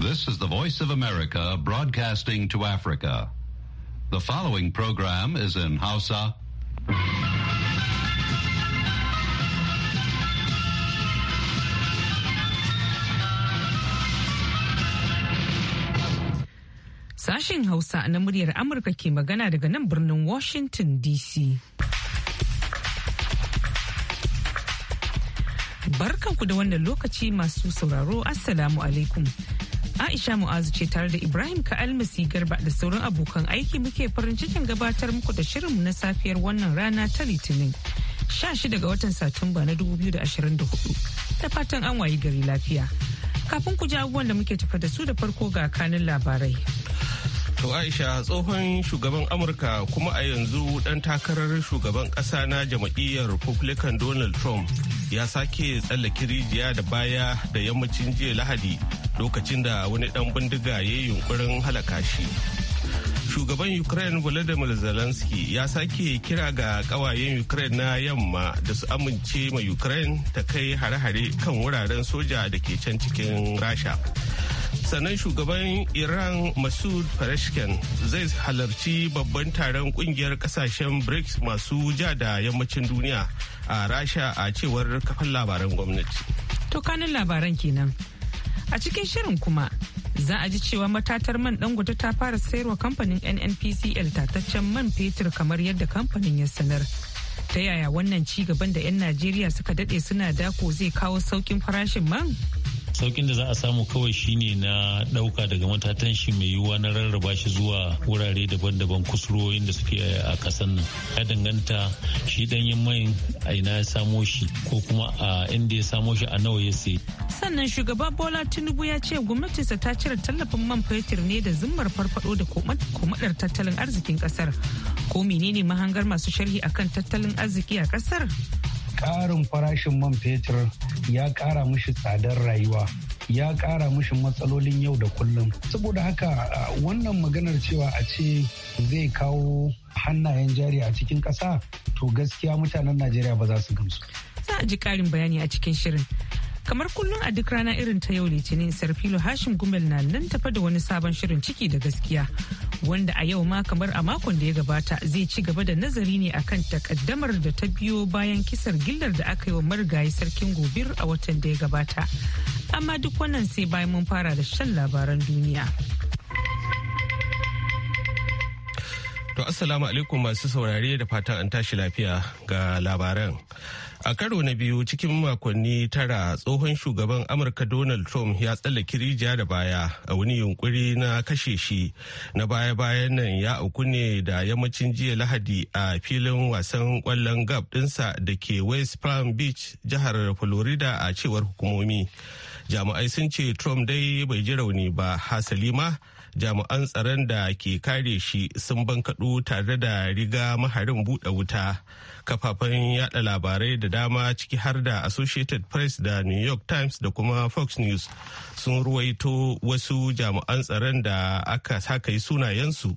This is the Voice of America broadcasting to Africa. The following program is in Hausa. Sashen Hausa na muryar Amurka ke magana daga nan birnin Washington DC. Barkanku da wannan lokaci masu sauraro, Assalamu alaikum. Aisha Mu'azu ce tare da Ibrahim Ka'almasi Garba da sauran abokan aiki muke farin cikin gabatar muku da shirinmu na safiyar wannan rana ta Litinin. sha 16 ga watan Satumba na 2024 da fatan an wayi gari lafiya. Kafin ku ji abubuwan da muke tafa da su da farko ga kanin labarai. To Aisha tsohon shugaban Amurka kuma a yanzu dan takarar shugaban ƙasa na jam'iyyar Republican Donald Trump ya sake tsallake rijiya da baya da yammacin jiya Lahadi lokacin da wani dan bindiga ya yi yunkurin halaka shi shugaban ukraine volodymyr zelensky ya sake kira ga kawayen ukraine na yamma da su amince ma ukraine ta kai hare-hare kan wuraren soja da ke can cikin rasha sannan shugaban iran masud farashken zai halarci babban taron kungiyar kasashen brics masu ja da yammacin duniya a rasha a cewar kafin labaran gwamnati to kanin labaran kenan A cikin shirin kuma za a ji cewa matatar man dangote ta fara sayarwa kamfanin NNPCL tataccen man fetur kamar yadda kamfanin ya sanar. Ta yaya wannan ci gaban da 'yan Najeriya suka dade suna dako zai kawo sauƙin farashin man? saukin da za a samu kawai shine na dauka daga matatan shi mai yiwuwa na rarraba shi zuwa wurare daban-daban kusurwoyin da suke a kasan nan ya danganta shi danyen mai a ina ya samo shi ko kuma a inda ya samo shi a nawa ya sai sannan shugaba bola tinubu ya ce gwamnatinsa ta cire tallafin man fetur ne da zimmar farfado da komadar tattalin arzikin kasar ko menene mahangar masu sharhi akan tattalin arziki a kasar ƙarin farashin man fetur ya ƙara mishi tsadar rayuwa ya ƙara mishi matsalolin yau da kullum saboda haka wannan maganar cewa a ce zai kawo hannayen jari a cikin ƙasa to gaskiya mutanen najeriya ba za su gamsu za a ji ƙarin bayani a cikin shirin Kamar kullum a duk rana irin ta yau Litinin Sarfilo Hashim Gumel na nan tafa da wani sabon shirin ciki da gaskiya. Wanda a yau ma kamar a makon da ya gabata zai ci gaba da nazari ne akan takaddamar da ta biyo bayan kisar gillar da aka yi wa marigayi sarkin gobir a watan da ya gabata. Amma duk wannan sai bayan mun fara da shan labaran duniya. To assalamu alaikum masu saurare da fatan an tashi lafiya ga labaran. A karo na biyu cikin makonni tara tsohon shugaban Amurka Donald Trump ya tsallake rijiya da baya a wani yunkuri na kashe shi na baya-bayan nan ya auku ne da yammacin jiya lahadi a filin wasan kwallon gab dinsa da ke West Palm Beach jihar Florida a cewar hukumomi. Jami'ai sun ce Trump dai bai ji rauni ba hasali ma jami'an tsaron da ke kare shi sun bankaɗo tare da riga maharin buɗe wuta kafafen yada labarai da dama ciki har da associated press da new york times da kuma fox news sun ruwaito wasu jami'an tsaron da aka saka yi sunayensu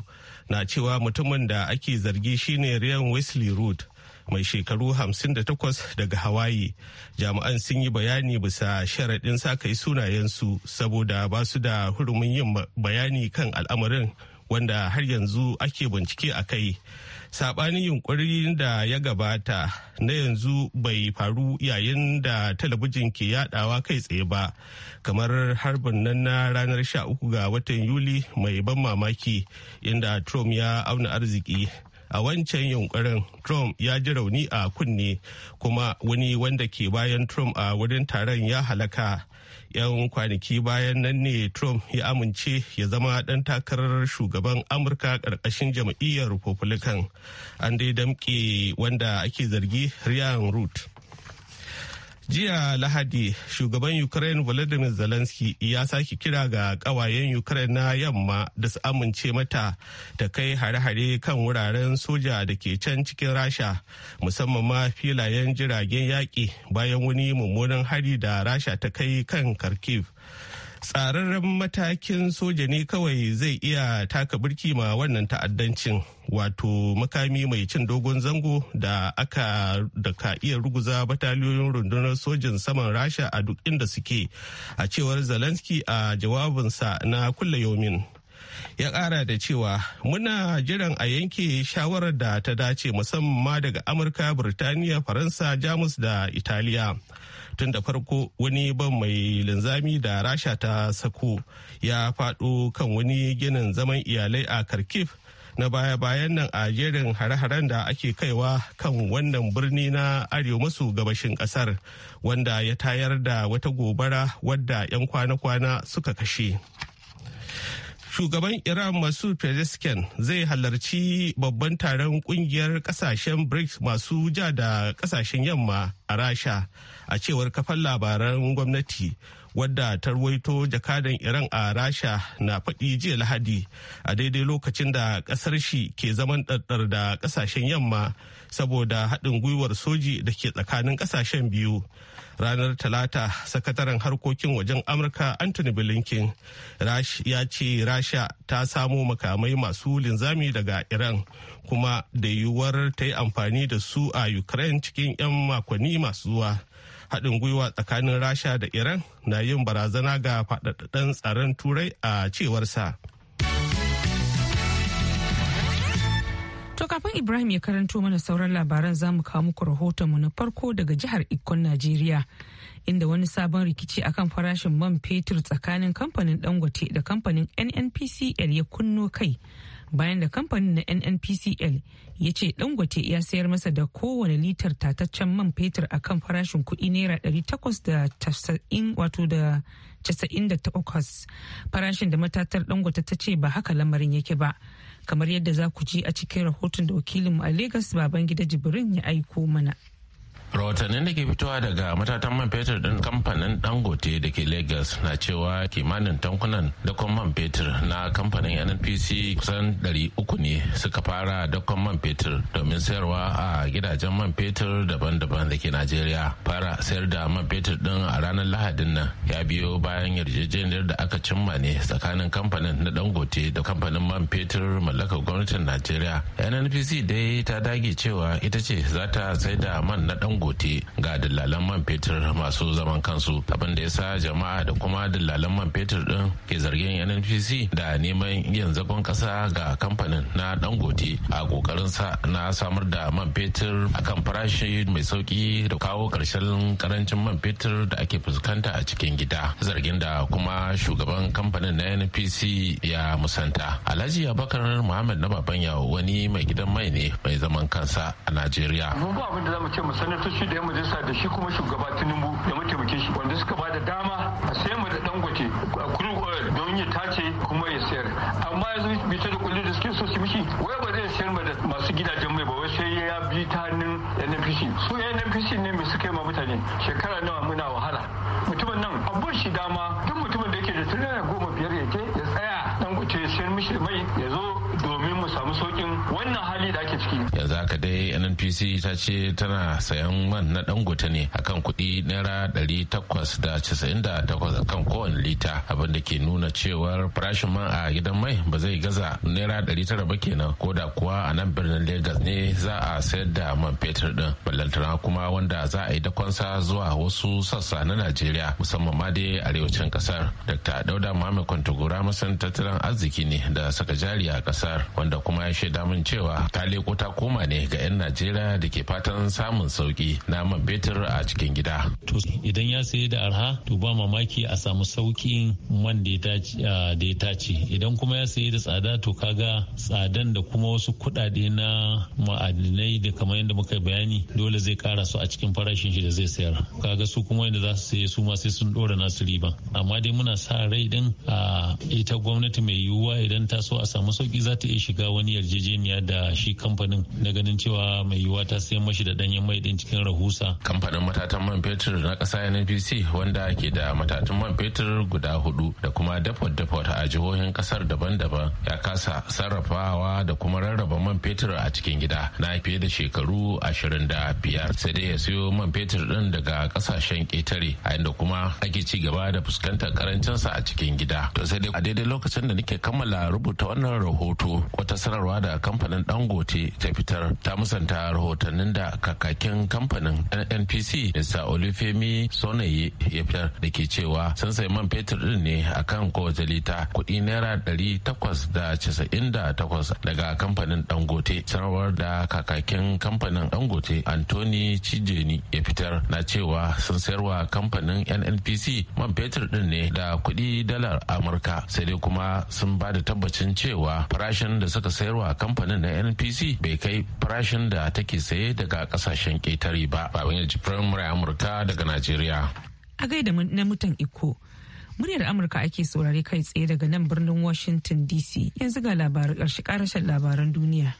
na cewa mutumin da ake zargi shine ryan wesley root mai shekaru 58 daga Hawaii. Jami'an sun yi bayani bisa sharaɗin sakai sunayensu saboda ba su da hurumin yin bayani kan al'amarin wanda har yanzu ake bincike a kai. Saɓanin yunkurin da ya gabata na yanzu bai faru yayin da talabijin ke yadawa kai tsaye ba, kamar harbin nan na ranar uku ga watan Yuli mai ban mamaki inda Trump ya auna arziki. a wancan yunkurin trump ya ji rauni a kunne kuma wani wanda ke bayan trump a wurin taron ya halaka yan kwanaki bayan nan ne trump ya amince ya zama dan takarar shugaban amurka karkashin jam'iyyar republican an dai damke wanda ake zargi ryan root jiya lahadi shugaban ukraine volodymyr zelensky ya sake kira ga kawayen ukraine na yamma da su amince mata ta kai hare-hare kan wuraren soja da ke can cikin rasha musamman ma filayen jiragen yaƙi bayan wani mummunan hari da rasha ta kai kan kharkiv tsararren matakin soja ne kawai zai iya taka birki ma wannan ta'addancin wato makami mai cin dogon zango da aka da ka iya ruguza bataliyoyin rundunar sojin saman rasha a duk inda suke a cewar zelensky a jawabinsa na kulle yomin ya kara da cewa muna jiran a yanke shawarar da ta dace musamman daga amurka birtaniya faransa jamus da italiya tun da farko wani ban mai linzami da rasha ta sako ya faɗo kan wani ginin zaman iyalai a kharkiv na baya-bayan nan a jerin hare-haren da ake kaiwa kan wannan birni na arewa maso gabashin kasar wanda ya tayar da wata gobara wadda 'yan kwana-kwana suka kashe. shugaban iran masu Pezeshkian zai halarci babban taron kungiyar kasashen brics masu ja da kasashen yamma a rasha a cewar kafan labaran gwamnati wadda ta ruwaito jakadan iran a rasha na faɗi jiya lahadi a daidai lokacin da ƙasar shi ke zaman ɗaɗɗar da ƙasashen yamma saboda haɗin gwiwar soji da ke tsakanin ƙasashen biyu ranar talata sakataren harkokin wajen amurka anthony blinken ya ce rasha ta samo makamai masu linzami daga iran kuma da yiwuwar ta yi amfani da su a ukraine cikin 'yan makonni masu zuwa haɗin gwiwa tsakanin rasha da iran na yin barazana ga faɗaɗɗen tsaron turai a cewarsa. To kafin Ibrahim ya karanto mana sauran labaran za mu kawo muku rahotonmu na farko daga jihar Ikon Najeriya. Inda wani sabon rikici akan farashin man fetur tsakanin kamfanin Dangote da kamfanin NNPCL ya kunno kai. Bayan da kamfanin na NNPCL ya ce Dangote ya sayar masa da kowane litar tataccen man fetur akan farashin kuɗi naira ɗari wato da 98 farashin da matatar Dangote ta ce ba haka lamarin yake ba. kamar yadda za ku ji a cikin rahoton da wakilinmu a Legas Babangida Jibrin ya aiko mana. rahotannin da ke fitowa daga matatan man fetur din kamfanin dangote da ke lagos na cewa kimanin tankunan dakon man fetur na kamfanin nnpc kusan 300 ne suka fara dakon man fetur domin sayarwa a gidajen man fetur daban-daban da ke najeriya fara sayar da man fetur din a ranar lahadin nan ya biyo bayan yarjejeniyar da aka cimma ne tsakanin kamfanin na dangote da kamfanin man fetur mallakar gwamnatin najeriya nnpc dai ta dage cewa ita ce za ta sai da man na dangote dangote ga dalalan man fetur masu zaman kansu abin da ya sa jama'a da kuma dalalan man fetur din ke zargin nnpc da neman yin zagon kasa ga kamfanin na dangote a kokarin sa na samar da man fetur kan farashi mai sauki da kawo karshen karancin man fetur da ake fuskanta a cikin gida zargin da kuma shugaban kamfanin na npc ya musanta alhaji abakar muhammad na baban yawo wani mai gidan mai ne mai zaman kansa a najeriya abin da ce mu sanar shi da ya majalisa da shi kuma shugaba tinubu da mataimakin shi wanda suka ba da dama a sayan mu da dangote a crude don ya tace kuma ya sayar amma yanzu bita da kulli da suke so su mishi wai ba zai sayar da masu gidajen mai ba wai sai ya bi ta nan nnpc su nnpc ne mai suka yi ma mutane shekara na haka dai nnpc ta ce tana sayan man na dangote ne akan kuɗi naira ɗari takwas da casa'in da takwas akan kowane lita abinda ke nuna cewar farashin man a gidan mai ba zai gaza naira ɗari tara ba kenan ko da kuwa a nan birnin legas ne za a sayar da man fetur din ballantana kuma wanda za a yi dakonsa zuwa wasu sassa na najeriya musamman ma dai arewacin kasar dr dauda muhammad kwantagora masan tattalin arziki ne da saka jari a kasar wanda kuma ya shaida min cewa ta leko ta koma ne ne ga 'yan najeriya da ke fatan samun sauki na man fetur a cikin gida to idan ya sayi da arha to ba mamaki a samu saukin man da ya tace idan kuma ya sayi da tsada to kaga tsadan da kuma wasu kuɗaɗe na ma'adinai da kamar yadda muka bayani dole zai kara su a cikin farashin shi da zai sayar kaga su kuma yadda za su saye su ma sai sun ɗora nasu riba amma dai muna sa rai din a ita gwamnati mai yiwuwa idan ta so a samu sauki za ta iya shiga wani yarjejeniya da shi kamfanin daga ganin cewa mai yiwuwa ta sayan mashi da danyen mai din cikin rahusa kamfanin matatan man fetur na ƙasa NPC wanda ke da matatan man fetur guda hudu da kuma dafot dafot a jihohin kasar daban-daban ya kasa sarrafawa da kuma rarraba man fetur a cikin gida na fiye da shekaru ashirin da biyar sai dai ya siyo man fetur din daga kasashen ƙetare a inda kuma ake ci gaba da fuskantar karancinsa a cikin gida to sai dai a daidai lokacin da nake kammala rubuta wannan rahoto wata sanarwa da kamfanin dangote ta fitar ta musanta rahotannin da kakakin kamfanin nnpc mr olufemi Sonayi ya fitar da ke cewa sun sai man fetur din ne akan kowace lita kuɗi naira ɗari takwas da casa'in da takwas daga kamfanin dangote sanarwar da kakakin kamfanin dangote anthony cijeni ya fitar na cewa sun sayarwa kamfanin nnpc man fetur din ne da kuɗi dalar amurka sai dai kuma sun ba da tabbacin cewa farashin da suka sayarwa kamfanin na npc bai kai farashin da take saye daga kasashen ƙetare ba ba wani jifirin murai amurka daga najeriya a gaida na mutan iko muryar amurka ake saurari kai tsaye daga nan birnin washington dc yanzu ga labaran ƙarshe ƙarashen labaran duniya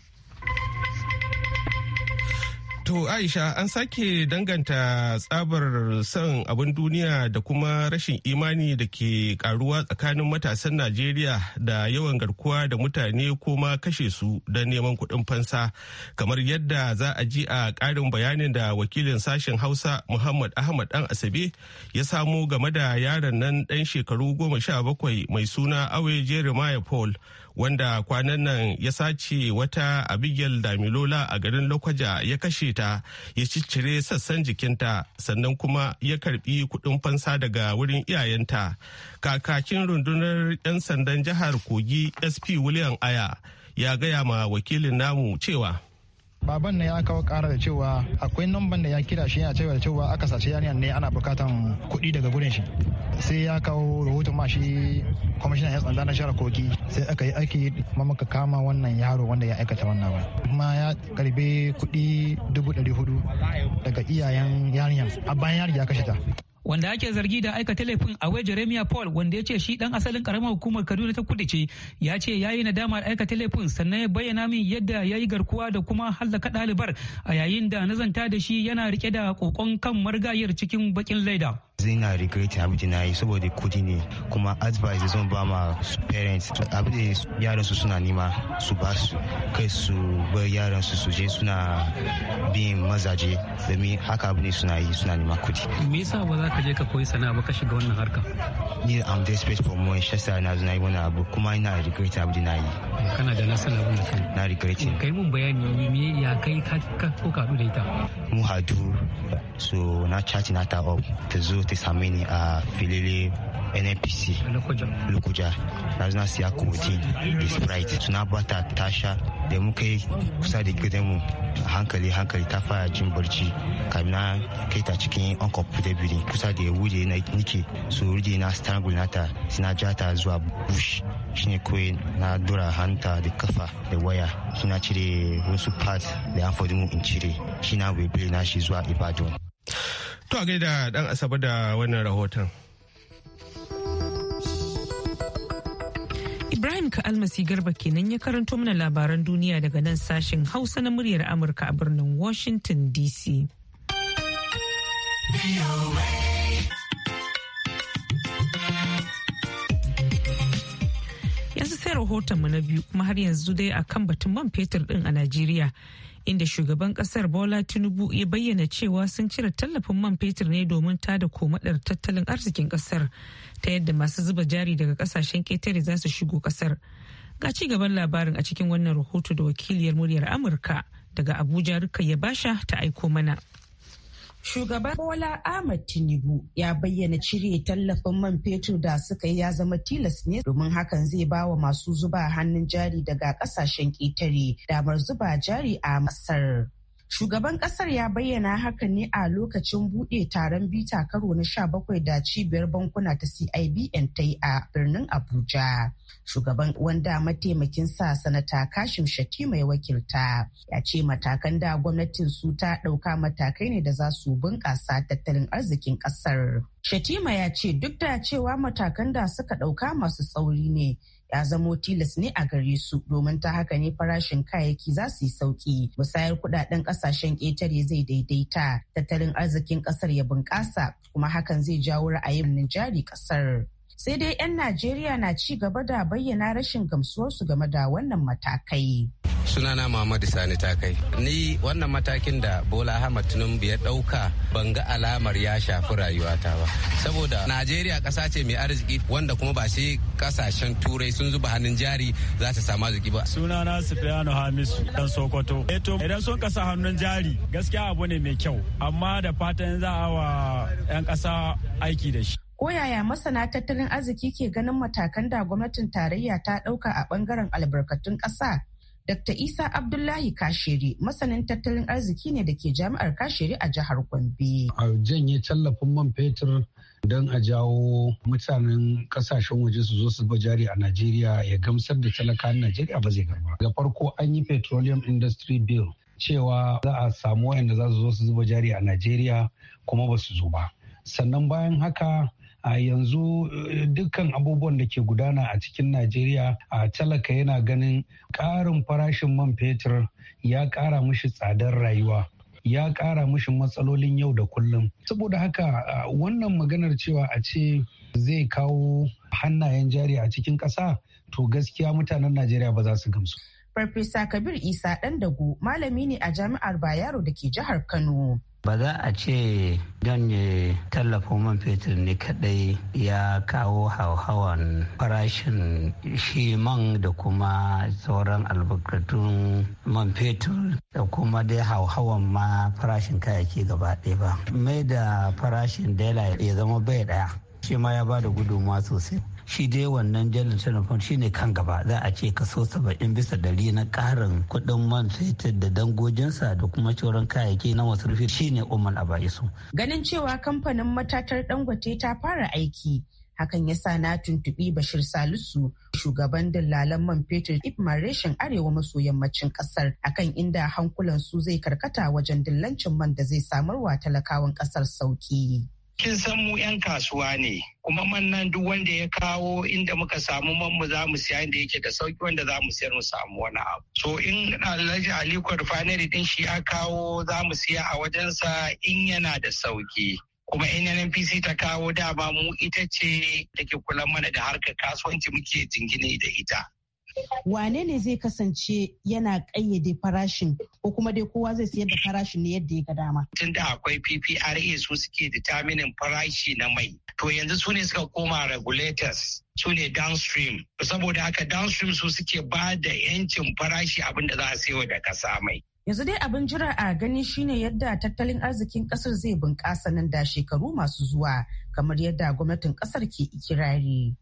To Aisha an sake danganta tsabar son abin duniya da kuma rashin imani da ke karuwa tsakanin matasan Najeriya da yawan garkuwa da mutane ko ma kashe su don neman kuɗin fansa kamar yadda za a ji a ƙarin bayanin da wakilin sashen Hausa Muhammad Ahmad Dan Asabe ya samo game da yaron nan ɗan shekaru goma sha bakwai mai suna Awe Jeremiah Paul wanda kwanan nan ya sace wata abigail damilola a garin lokwaja ya kashe ta ya ciccire sassan jikinta sannan kuma ya karbi kudin fansa daga wurin iyayenta kakakin rundunar 'yan sandan jihar kogi sp william aya ya gaya ma wakilin namu cewa baban ne ya kawo kara da cewa akwai namban da ya kira shi yana cewa cewa aka sace yarinyar ne ana bukatan kuɗi daga gurin shi sai ya kawo rahoton ma shi kwamishinan ya tsanda na shara kogi sai aka yi aiki kuma muka kama wannan yaro wanda ya aikata wannan ba kuma ya karbe kuɗi dubu ɗari hudu daga iyayen yarinyar a bayan yari ya kashe ta wanda ake zargi da aikata a wai jeremiah paul wanda ya ce shi dan asalin karamar hukumar kaduna ta kudu ce ya ce ya yi nadamar aikata laifin sannan ya bayyana min yadda ya yi garkuwa da kuma hallaka ɗalibar a yayin da nazanta da shi yana rike da kokon kan margayar cikin baƙin laida. zina regret abin na yi saboda kudi ne kuma advice zan ba ma parents abin da yaran su suna nima su ba su kai su bar yaran su su je suna bin mazaje domin haka abin suna yi suna nima kudi me yasa ba za ka je ka koyi sana'a ba ka shiga wannan harka ni am desperate for more shi yasa na zo na yi wannan abu kuma ina regret abin da na yi kana da nasara abin da na regret kai mun bayani me ya kai ka ko ka da ita mu hadu so na chat na ta up ta zo ta a filili nnpc lukuja na zuna siya kodin da sprite suna bata tasha da muka yi kusa da gidanmu hankali hankali ta fara jin barci kamina kai ta cikin uncomfortable building kusa da wuri na nike su wuri na strangle nata suna jata zuwa bush shine kawai na dora hanta da kafa da waya suna cire wasu parts da amfani mu in cire shi na webile na shi zuwa ibadan To a gaida dan asabar da wannan rahoton. Ibrahim Ka'almasi Garba kenan ya karanto mana labaran duniya daga nan sashen Hausa na muryar Amurka a birnin Washington DC. sai mu na biyu kuma har yanzu dai akan batun man fetur din a najeriya inda shugaban kasar bola tinubu ya bayyana cewa sun cire tallafin man fetur ne domin ta da komadar tattalin arzikin kasar ta yadda masu zuba jari daga kasashen ketare za su shigo kasar ga ci gaban labarin a cikin wannan rahoto da wakiliyar muryar amurka daga abuja rukayya basha ta aiko mana Shugaban Bola Ahmad Tinubu ya bayyana cire tallafin man fetur da suka yi ya zama tilas ne domin hakan zai ba wa masu zuba hannun jari daga kasashen ƙetare damar zuba jari a Masar. Shugaban kasar ya bayyana haka ne a lokacin buɗe taron bita karo na 17 da cibiyar bankuna ta CIBN ta yi a birnin Abuja. Shugaban wanda mataimakin sa sanata Kashim Shatima mai wakilta ya ce matakan da gwamnatin su ta ɗauka matakai ne da za su bunƙasa tattalin arzikin ƙasar. Shatima ya ce duk da cewa matakan da suka ɗauka masu tsauri ne ya zamo tilas ne a gare su domin ta haka ne farashin kayayyaki za su yi sauki musayar kudaden kasashen ƙetare zai daidaita tattalin arzikin kasar ya bunƙasa kuma hakan zai jawo ra'ayin jari kasar sai dai 'yan najeriya na ci gaba da bayyana rashin su game da wannan matakai sunana Muhammadu Sani ta kai. Ni wannan matakin da Bola Ahmad Tinubu ya ɗauka ban ga alamar ya shafi rayuwata ba. Saboda Najeriya ƙasa ce mai arziki wanda kuma ba sai ƙasashen turai sun zuba hannun jari za ta samu arziki ba. Sunana Sufiyanu Hamisu dan Sokoto. Eto eh idan sun kasa hannun jari gaskiya abu ne mai kyau amma da fatan za a wa 'yan ƙasa aiki da shi. ko yaya masana tattalin arziki ke ganin matakan da gwamnatin tarayya ta ɗauka a ɓangaren albarkatun ƙasa Dr. Isa Abdullahi Kashiri masanin tattalin arziki ne da ke jami'ar Kashiri a jihar Gombe. A janye tallafin man fetur don a jawo mutanen kasashen waje su zo su zuba jari a Najeriya ya gamsar da talakan Najeriya ba zai gaba. Ga farko an yi Petroleum Industry Bill cewa za a samu wayanda za su zo su zuba jari a Najeriya kuma ba su zo ba. Sannan bayan haka a yanzu eh, dukkan abubuwan da ke gudana a cikin najeriya a talaka yana ganin ƙarin farashin man fetur ya ƙara mishi tsadar rayuwa ya ƙara mishi matsalolin yau da kullum saboda haka wannan maganar cewa a ce zai kawo hannayen jari a cikin ƙasa to gaskiya mutanen najeriya ba za su gamsu farfesa kabir isa ɗan dago malami ne a jami'ar bayero da ke jihar kano ba za a ce don ya tallafa man fetur ne kadai ya kawo hauhawan farashin shi man da kuma sauran albarkatun man fetur da kuma dai hauhawan ma farashin kayayyaki gaba ɗaya ba mai da farashin dela ya zama bai ɗaya shi ma ya ba da gudunmawa sosai shi dai wannan jalin telefon shi ne kan gaba za a ce kaso saba'in bisa dari na karin kuɗin man fetur da dangojinsa da kuma sauran kayayyaki na masarufi shi ne umar a abaisu. ganin cewa kamfanin matatar dangote ta fara aiki hakan ya sa na tuntubi bashir salisu shugaban dillalan man fetur ibmar reshen arewa maso yammacin kasar akan inda hankulan su zai karkata wajen dillancin man da zai samarwa talakawan kasar sauki kin san mu 'yan kasuwa ne kuma man nan duk wanda ya kawo inda muka samu man mu za mu siya inda yake da sauki wanda za mu siyar mu samu wani abu so in alhaji aliko refinery din shi ya kawo za mu siya a wajensa in yana da sauki kuma NNPC ta kawo dama mu ita ce da ke kula mana da harkar kasuwanci muke jingine da ita wane ne zai kasance yana ƙayyade farashin ko kuma dai kowa zai sayar da farashin ne yadda ya ga dama. Tun da akwai PPRA su suke determining farashi na mai. To yanzu su ne suka koma regulators su ne downstream. Saboda haka downstream su suke ba da 'yancin farashi abin da za a sayo da kasa mai. Yanzu dai abin jira a gani shine yadda tattalin arzikin kasar zai bunƙasa nan da shekaru masu zuwa kamar yadda gwamnatin kasar ke ikirari.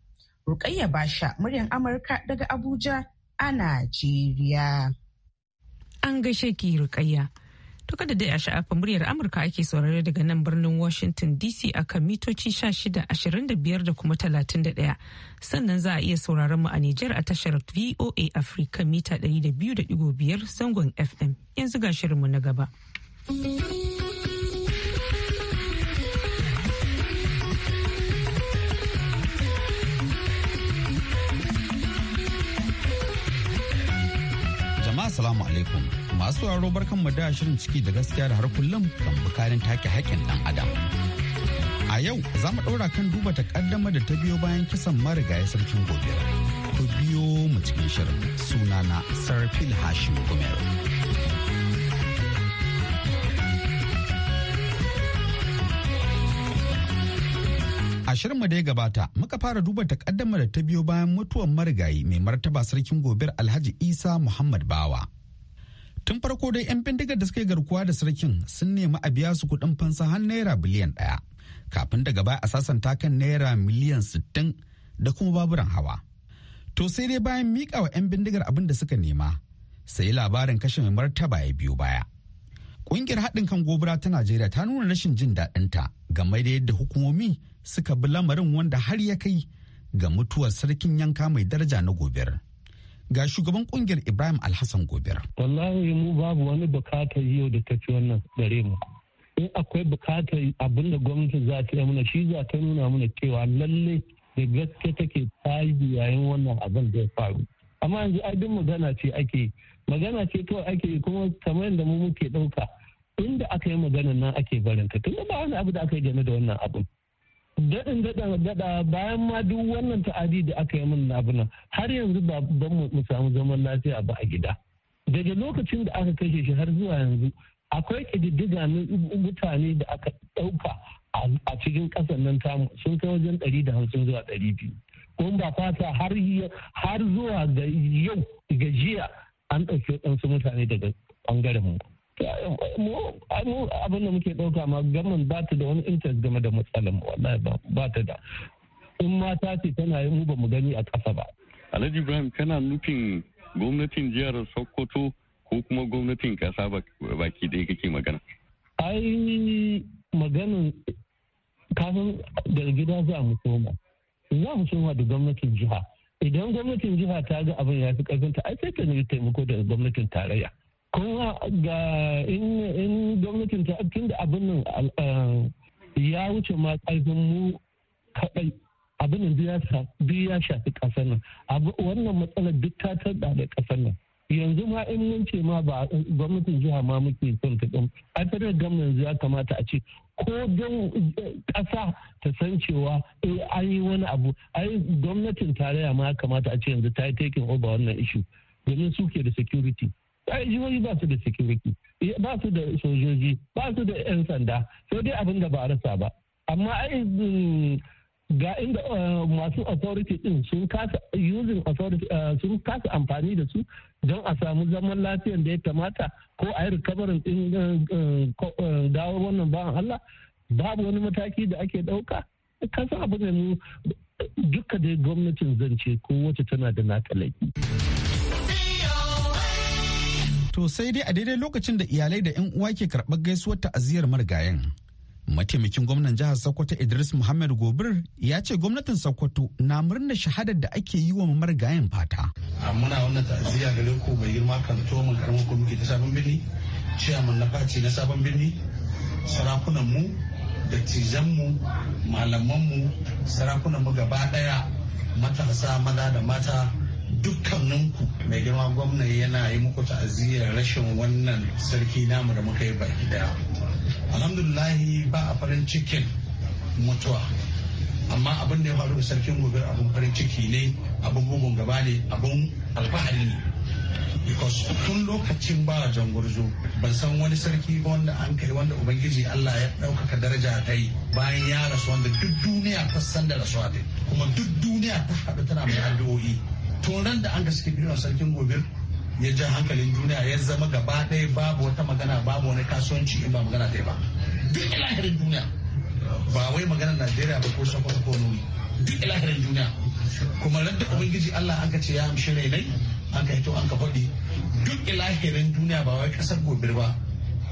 Rukayya Basha muryar Amurka daga Abuja a Najeriya. An gaishe ki Rukayya. Tuka da dai a sha'afa muryar Amurka ake saurare daga nan birnin Washington DC a kan mitoci ashirin da kuma 31. Sannan za a iya sauraron mu a Nijar a tashar VOA Africa mita da da 200.5 zangon FM. Yanzu ga shirinmu na gaba. jama'a salamu alaikum masu raro barkan mu da shirin ciki da gaskiya da har kullum kan bukarin take haƙƙin dan adam a yau za mu ɗaura kan duba ta takaddama da ta biyo bayan kisan marigayi sarkin gobe ku biyo mu cikin shirin sunana sarfil hashim gomero A mu da ya gabata muka fara duba takaddama da ta biyo bayan mutuwar marigayi mai martaba sarkin gobir Alhaji Isa Muhammad Bawa. Tun farko dai 'yan bindigar da suka garkuwa da sarkin sun nemi a biya su kuɗin fansa har naira biliyan ɗaya kafin daga baya a sasanta kan naira miliyan sittin da kuma baburan hawa. To sai dai bayan miƙa wa 'yan bindigar abin da suka nema sai labarin kashe mai martaba ya biyo baya. Ƙungiyar haɗin kan gobara ta Najeriya ta nuna rashin jin daɗinta game da yadda hukumomi suka bi lamarin wanda har ya kai ga mutuwar sarkin yanka mai daraja na gobir. Ga shugaban ƙungiyar Ibrahim Alhassan gobir. Wallahi mu babu wani bukatar yau da ta fi wannan gare mu. In akwai bukatar abin da gwamnati za ta yi mana shi za ta nuna mana cewa lalle da gaske take tayi yayin wannan abin da ya faru. Amma yanzu ai duk magana ce ake magana ce kawai ake kuma kamar yadda mu muke ɗauka. inda aka yi magana nan ake barin ka tun ba wani abu da aka yi game da wannan abun daɗin daɗa daɗa bayan ma duk wannan ta'adi da aka yi min abu nan har yanzu ba ban mu samu zaman lafiya ba a gida daga lokacin da aka kashe shi har zuwa yanzu akwai ƙididdiga na mutane da aka ɗauka a cikin ƙasar nan tamu sun kai wajen ɗari da hamsin zuwa ɗari biyu kuma ba fata har zuwa ga yau ga jiya an ɗauki waɗansu mutane daga ɓangaren mu mu abin da muke ɗauka ma gaman ba ta da wani interest game da matsalar mu wallahi ba ta da in mata ce tana yi mu ba mu gani a ƙasa ba Alhaji Ibrahim kana nufin gwamnatin jihar Sokoto ko kuma gwamnatin ƙasa baki ɗaya kake magana ai maganin kafin da gida za mu soma za mu soma da gwamnatin jiha idan gwamnatin jiha ta ga abin ya fi ƙarfinta ai sai ta nemi taimako daga gwamnatin tarayya kuma ga in gwamnatin ta tun da abin nan ya wuce ma mu kaɗai abin nan ya shafi ƙasar nan wannan matsalar duk ta tarda da ƙasar nan yanzu ma in mun ce ma ba gwamnatin jiha ma muke son ta ɗin a tare da yanzu ya kamata a ce ko don eh, ƙasa ta san cewa eh, an yi wani abu ai gwamnatin tarayya ma ya kamata a ce yanzu ta yi taking over wannan issue domin suke da security jihohi ba su da security ba su da sojoji ba su da 'yan sanda sai dai abin da ba rasa ba amma ai mm, ga inda uh, masu authority din sun kasa using authority uh, sun kasa amfani da su don a samu zaman lafiyan da ya kamata ko a yi recovery din uh, dawo wannan bawan Allah babu wani mataki da ake dauka kasa abin da mu duka da gwamnatin zance ko wacce tana da nata To sai dai a daidai lokacin da iyalai da 'yan uwa ke karɓar gaisuwar ta'aziyar marigayen. Mataimakin gwamnan jihar Sokoto Idris Muhammad Gobir ya ce gwamnatin Sokoto na murna shahadar da ake yi wa marigayen fata. Muna wannan ta'aziyya gare ku mai girma kan tomin karamin muke ta sabon birni, ciyaman na faci na sabon birni, sarakunan mu, dattijan mu, malaman mu, sarakunan mu gaba daya matasa maza da mata dukkaninku mai girma gwamna yana yi muku ta'aziyyar rashin wannan sarki namu da muka yi baki daya alhamdulillahi ba a farin cikin mutuwa amma abin da ya faru da sarkin gobe abin farin ciki ne abin bugun gaba ne abin alfahari ne because tun lokacin ba jangurzo ban san wani sarki ba wanda an kai wanda ubangiji Allah ya ɗaukaka daraja ta yi bayan ya rasu wanda duk duniya ta san da rasuwa ta kuma duk duniya ta haɗu tana mai addu'o'i toron da an gaske suke a sarkin gobir ya ja hankalin duniya ya zama gaba ɗaya babu wata magana babu wani kasuwanci in ba magana ɗaya ba duk ilahirin duniya ba wai magana najeriya ba ko sakwato ko nuni duk ilahirin duniya kuma radda ubangiji allah an ka ce ya amshi rainai an ka hito an ka faɗi duk ilahirin duniya ba wai ƙasar gobir ba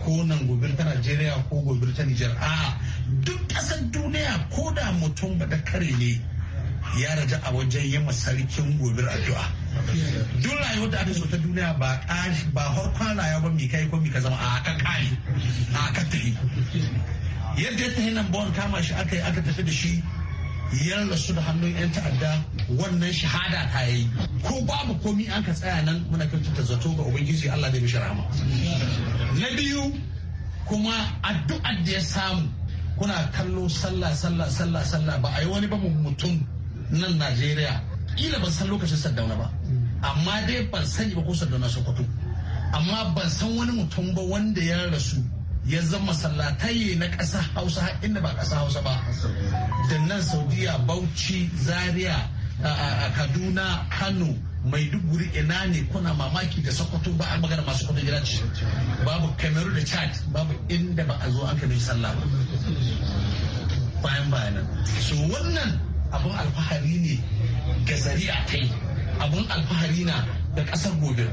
ko nan gobir ta najeriya ko gobir ta nijar a'a duk ƙasar duniya ko da mutum ba da kare ne ya raja a wajen yi sarkin gobir addu'a duk rayuwar da aka so ta duniya ba ƙari ba harkwana ya ba mi kai ko mi ka zama a aka kare a aka tafi yadda ya tafi nan bawan kama shi aka yi aka tafi da shi yan rasu da hannun yan ta'adda wannan shahada ta yi ko babu komi an ka tsaya nan muna ta zato ga ubangiji Allah da mishi rahama na biyu kuma addu'ar da ya samu kuna kallo sallah sallah sallah sallah ba a yi wani ba mutum nan najeriya kila ban san lokacin sardauna ba amma dai ban sani ba ko sardauna sokoto amma ban san wani mutum ba wanda ya rasu ya zama sallatai na ƙasa hausa inda ba ƙasa hausa ba da nan saudiya bauchi zaria a kaduna kano maiduguri ina ne kuna mamaki da sokoto ba a magana masu kudin gida ce babu Kamaru da chad babu inda ba a zo an kamin sallah ba bayan bayanan so wannan abun alfahari ne ga zari'a kai abun alfahari na da kasar gobe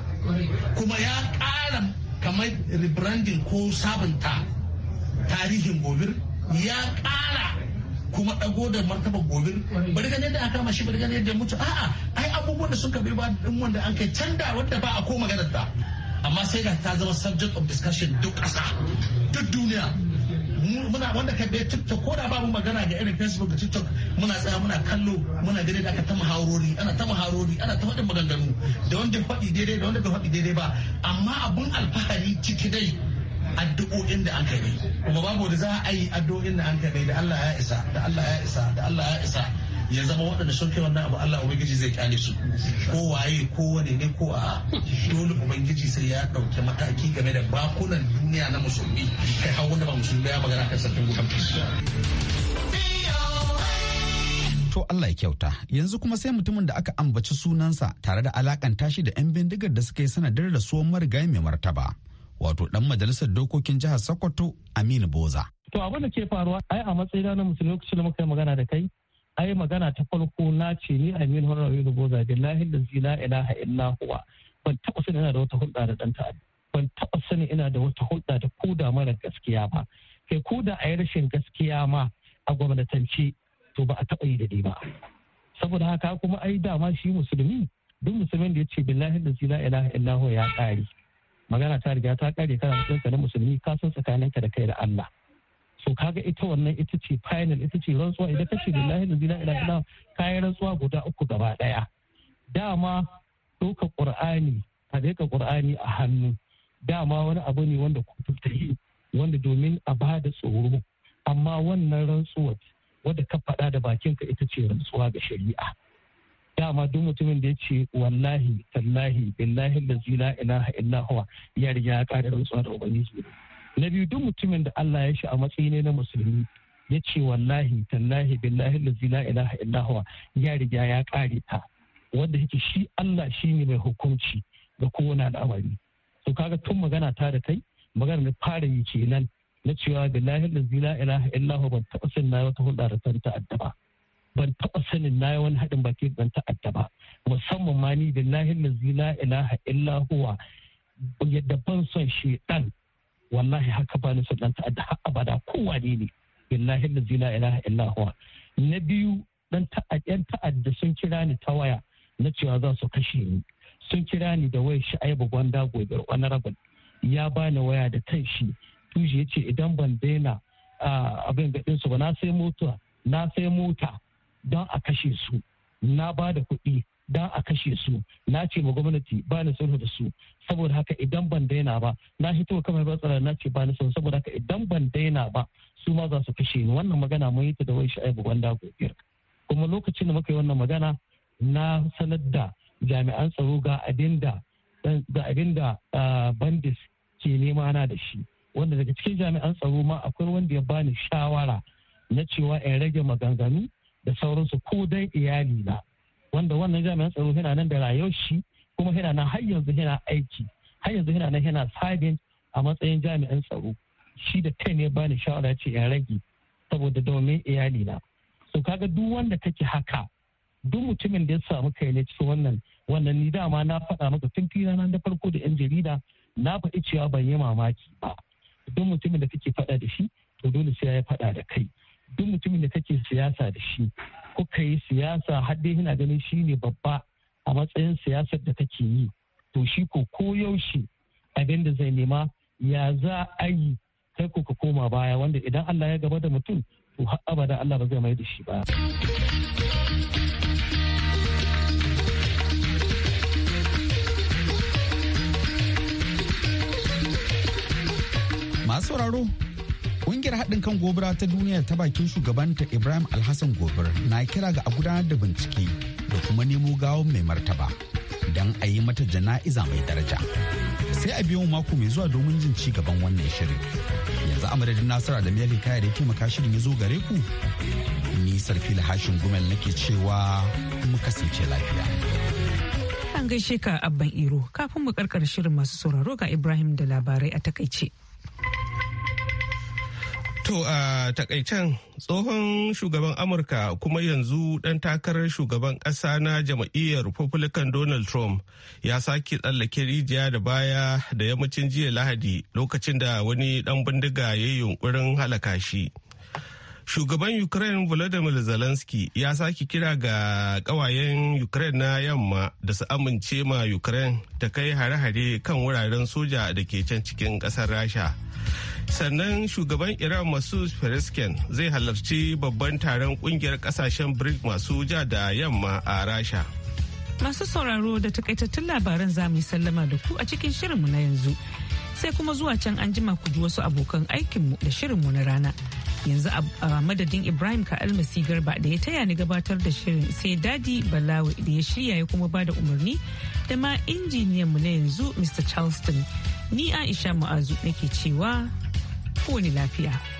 kuma ya ƙara kamar rebranding ko sabunta tarihin gobe. ya ƙara kuma ɗago da martaba gobe bari ganin da aka mashi bari ganin da mutu a'a ai abubuwan da suka bi ba din wanda an kai canda wanda ba a ko maganar ta amma sai ga ta zama subject of discussion duk ƙasa duk duniya muna wanda ka bai tiktok ko da ba mu magana ga irin facebook da tiktok muna tsaya muna kallo muna gani da aka ta muhawarori ana ta muhawarori ana ta faɗin maganganu da wanda faɗi daidai da wanda bai faɗi daidai ba amma abun alfahari ciki dai addu'o'in da aka yi kuma babu da za a yi addu'o'in da an kai da Allah ya isa da Allah ya isa da Allah ya isa ya zama waɗanda sun kai wannan abu Allah Ubangiji zai kyale su ko waye ko wane ne ko a dole Ubangiji sai ya dauke mataki game da bakunan duniya na musulmi kai hau wanda ba musulmi ya magana kan sattin gutan to Allah ya kyauta yanzu kuma sai mutumin da aka ambaci sunansa tare da alakanta shi da 'yan bindigar da suka yi sanadar da suwan marigayi mai martaba wato dan majalisar dokokin jihar Sokoto Aminu Boza. To abin da ke faruwa ai a matsayina na musulmi lokacin da muka yi magana da kai ai magana ta farko na ce ni Aminu Horar Aminu Boza billahi da zila ilaha illa huwa ban taɓa sanin da wata hulɗa da ɗan ta'adda. ban taɓa sani ina da wata hulɗa da ko da mara gaskiya ba kai ko da a yi rashin gaskiya ma a gwamnatance to ba a taɓa yi da ba saboda haka kuma ai dama shi musulmi duk musulmin da ya ce billahi da zila ilaha illahu ya ƙare magana ta riga ta ƙare kana mutunta na musulmi ka san tsakaninka da kai da Allah so ga ita wannan ita ce final ita ce rantsuwa idan ka ce billahi da zila ilaha illahu yi rantsuwa guda uku gaba ɗaya dama ɗaukar ƙur'ani a daika ƙur'ani a hannu dama wani abu ne wanda kotu ta yi wanda domin a ba da tsoro amma wannan rantsuwar wadda ka faɗa da bakinka ita ce rantsuwa ga shari'a dama duk mutumin da ya ce wallahi tallahi billahi lazi la ilaha illa huwa ya riga ya ƙara rantsuwa da ubangiji na biyu duk mutumin da Allah ya shi a matsayi ne na musulmi ya ce wallahi tallahi billahi lazi la ilaha illa huwa ya riga ya ƙare ta wanda yake shi Allah shi ne mai hukunci ga kowane al'amari to kaga tun magana ta da kai magana da fara yi nan na cewa billahi la ilaha illahu ban taɓa sanin na wata hulɗa da san ta'adda ba ban taɓa sanin na wani haɗin baki ban ta'adda ba musamman ma ni billahi la ilaha illahu yadda ban son shi ɗan wallahi haka ba ni son dan ta'adda har abada kowa ne ne billahi la ilaha illahu na biyu ɗan ta'adda sun kira ni ta waya na cewa za su kashe ni sun kira ni da wai shi aibu gwanda gobe honorable ya bani waya da kan shi tuji ya ce idan ban daina abin gaɗin su ba na sai mota na sai mota don a kashe su na ba da kuɗi don a kashe su na ce ma gwamnati ba ni sulhu da su saboda haka idan ban daina ba na hito kamar batsala na ce ba ni sulhu saboda haka idan ban daina ba su ma za su kashe ni wannan magana mun yi ta da wai shi aibu gwanda gobe kuma lokacin da muka yi wannan magana na sanar da jami'an tsaro ga abin da bandis ke nema na da shi wanda daga cikin jami'an tsaro ma akwai wanda ya bani shawara na cewa in rage maganganu da sauransu ko dai iyali na wanda wannan jami'an tsaro yana nan da rayuwar shi kuma yana nan har yanzu yana aiki har yanzu yana nan yana sabin a matsayin jami'an tsaro shi da kai ne bani shawara ce in rage saboda domin iyali na so kaga duk wanda kake haka duk mutumin da ya samu kai ne cikin wannan wannan ni dama na faɗa maka tun fira na da farko da 'yan jarida na faɗi cewa ban yi mamaki ba duk mutumin da kake faɗa da shi to dole sai ya faɗa da kai duk mutumin da kake siyasa da shi kuka yi siyasa har dai yana ganin shi ne babba a matsayin siyasar da kake yi to shi ko koyaushe abin da zai nema ya za a yi kai ko ka koma baya wanda idan Allah ya gaba da mutum to har abada Allah ba zai mai da shi ba. Masu sauraro, Ƙungiyar haɗin kan gobara ta duniya ta bakin shugabanta Ibrahim Alhassan Gobir na kira ga a gudanar da bincike da kuma nemo gawon mai martaba don a yi mata jana'iza mai daraja. Sai a biyo mako mai zuwa domin jin ci gaban wannan shirin. Yanzu a madadin Nasara da Miyali Kaya da ya taimaka shirin ya zo gare ku. Ni da Hashin Gumel nake cewa mu kasance lafiya. An gaishe ka abban Iro kafin mu karkar shirin masu sauraro ga Ibrahim da labarai a takaice. To a takaicen tsohon shugaban Amurka kuma yanzu ɗan takarar shugaban ƙasa na jam'iyyar Republican Donald Trump ya sake tsallake rijiya da baya da yammacin jiya Lahadi lokacin da wani ɗan bindiga ya yi yunkurin halaka shi. Shugaban Ukraine Volodymyr Zelensky ya sake kira ga ƙawayen Ukraine na yamma da su amince ma Ukraine ta kai hare-hare kan wuraren soja da ke can cikin ƙasar Rasha. sannan shugaban iran masu peresken zai halarci babban taron kungiyar kasashen bric masu ja da yamma a rasha masu sauraro da takaitattun labaran za yi sallama da ku a cikin shirinmu na yanzu sai kuma zuwa can an jima ku ji wasu abokan aikinmu da shirinmu na rana yanzu a madadin ibrahim almasi garba da ya taya ni gabatar da shirin sai dadi balawi da ya shirya ya kuma bada umarni da ma injiniyanmu na yanzu mr charleston Ni Aisha Ma'azu nake cewa koWani lafiya.